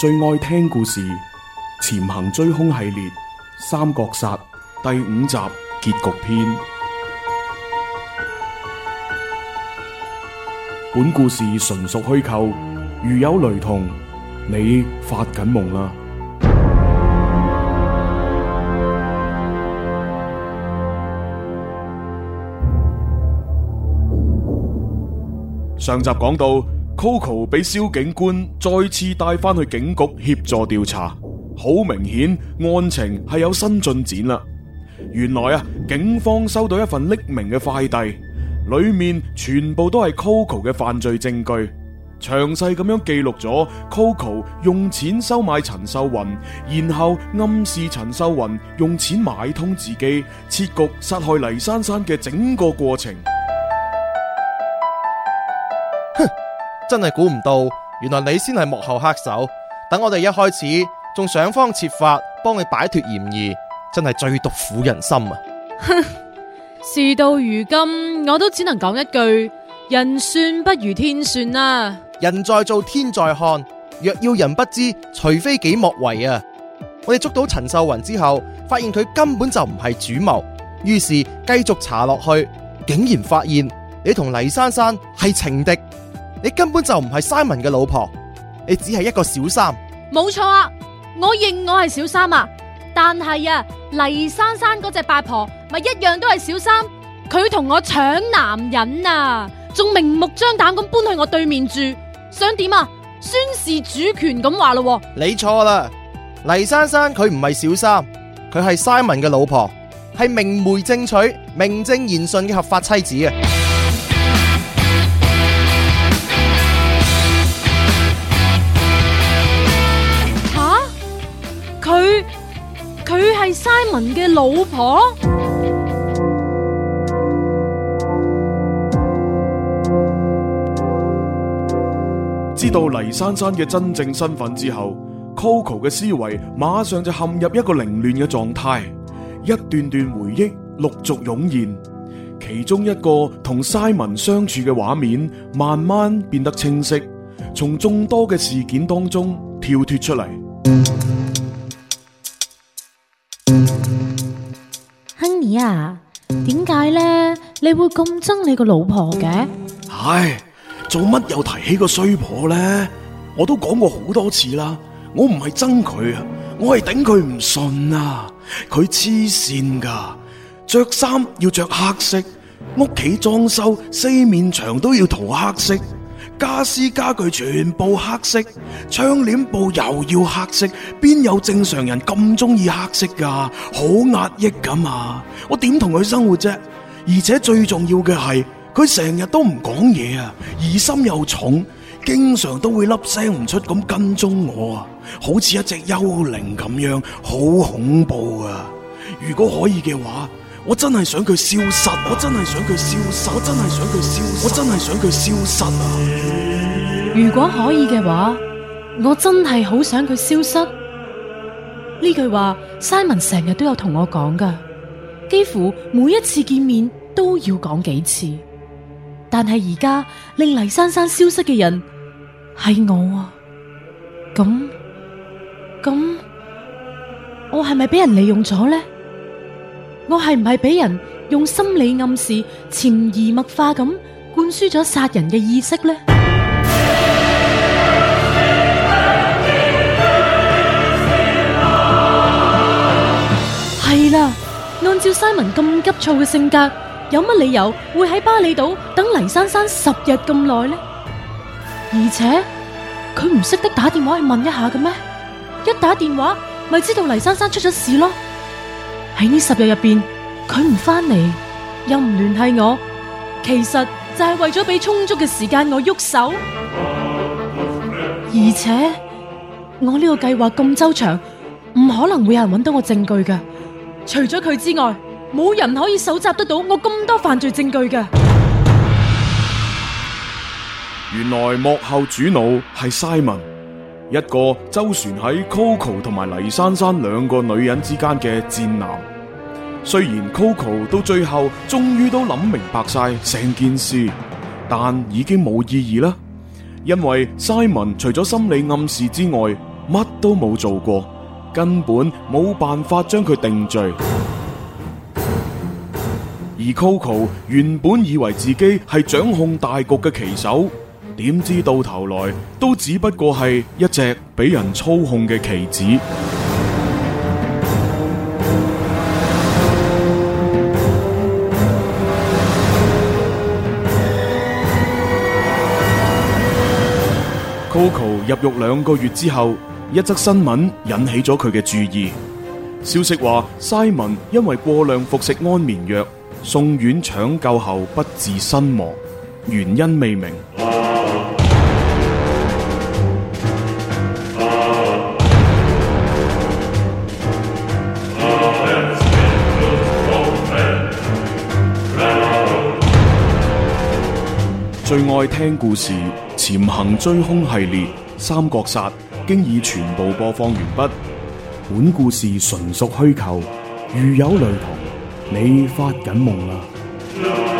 最愛聽故事《潛行追凶》系列《三角殺》第五集結局篇。本故事純屬虛構，如有雷同，你發緊夢啦。上集講到。Coco 俾蕭警官再次帶翻去警局協助調查，好明顯案情係有新進展啦。原來啊，警方收到一份匿名嘅快遞，裏面全部都係 Coco 嘅犯罪證據，詳細咁樣記錄咗 Coco 用錢收買陳秀雲，然後暗示陳秀雲用錢買通自己，設局殺害黎珊珊嘅整個過程。真係估唔到，原來你先係幕後黑手。等我哋一開始仲想方設法幫你擺脫嫌疑，真係最毒苦人心啊！事 到如今，我都只能講一句：人算不如天算啊，人在做，天在看。若要人不知，除非己莫為啊！我哋捉到陳秀雲之後，發現佢根本就唔係主謀。於是繼續查落去，竟然發現你同黎珊珊係情敵。你根本就唔係 Simon 嘅老婆，你只係一個小三。冇錯啊，我認我係小三啊，但係啊，黎珊珊嗰隻八婆咪一樣都係小三，佢同我搶男人啊，仲明目張膽咁搬去我對面住，想點啊？宣示主權咁話咯？你錯啦，黎珊珊佢唔係小三，佢係 Simon 嘅老婆，係明媒正娶、名正言順嘅合法妻子啊！係 Simon 嘅老婆。知道黎珊珊嘅真正身份之後，Coco 嘅思維馬上就陷入一個凌亂嘅狀態，一段段回憶陸續湧現，其中一個同 Simon 相處嘅畫面慢慢變得清晰，從眾多嘅事件當中跳脫出嚟。啊，點解咧？你會咁憎你個老婆嘅？唉，做乜又提起個衰婆咧？我都講過好多次啦，我唔係憎佢啊，我係頂佢唔順啊，佢黐線噶，着衫，要着黑色，屋企裝修四面牆都要塗黑色。家私家具全部黑色，窗簾布又要黑色，邊有正常人咁中意黑色噶？好壓抑咁啊！我點同佢生活啫？而且最重要嘅係，佢成日都唔講嘢啊，疑心又重，經常都會粒聲唔出咁跟蹤我啊，好似一隻幽靈咁樣，好恐怖啊！如果可以嘅話，我真係想佢消失，我真係想佢消失，我真係想佢消失，我真係想佢消失啊！如果可以嘅話，我真係好想佢消失。呢句話，Simon 成日都有同我講噶，幾乎每一次見面都要講幾次。但係而家令黎珊珊消失嘅人係我啊！咁咁，我係咪俾人利用咗咧？我係唔係俾人用心理暗示潛移默化咁灌輸咗殺人嘅意識咧？係啦，按照西文咁急躁嘅性格，有乜理由會喺巴里島等黎珊珊十日咁耐咧？而且佢唔識得打電話去問一下嘅咩？一打電話咪知道黎珊珊出咗事咯？喺呢十日入邊，佢唔翻嚟又唔聯繫我，其實就係為咗俾充足嘅時間我喐手。而且我呢個計劃咁周詳，唔可能會有人揾到我證據㗎。除咗佢之外，冇人可以搜集得到我咁多犯罪證據㗎。原來幕後主腦係 Simon。一個周旋喺 Coco 同埋黎珊珊兩個女人之間嘅賤男，雖然 Coco 到最後終於都諗明白晒成件事，但已經冇意義啦。因為 Simon 除咗心理暗示之外，乜都冇做過，根本冇辦法將佢定罪。而 Coco 原本以為自己係掌控大局嘅棋手。點知到頭來都只不過係一隻俾人操控嘅棋子。Coco 入獄兩個月之後，一則新聞引起咗佢嘅注意。消息話，Simon 因為過量服食安眠藥，送院搶救後不治身亡，原因未明。最愛聽故事《潛行追凶》系列《三角殺》，經已全部播放完畢。本故事純屬虛構，如有雷同，你發緊夢啦。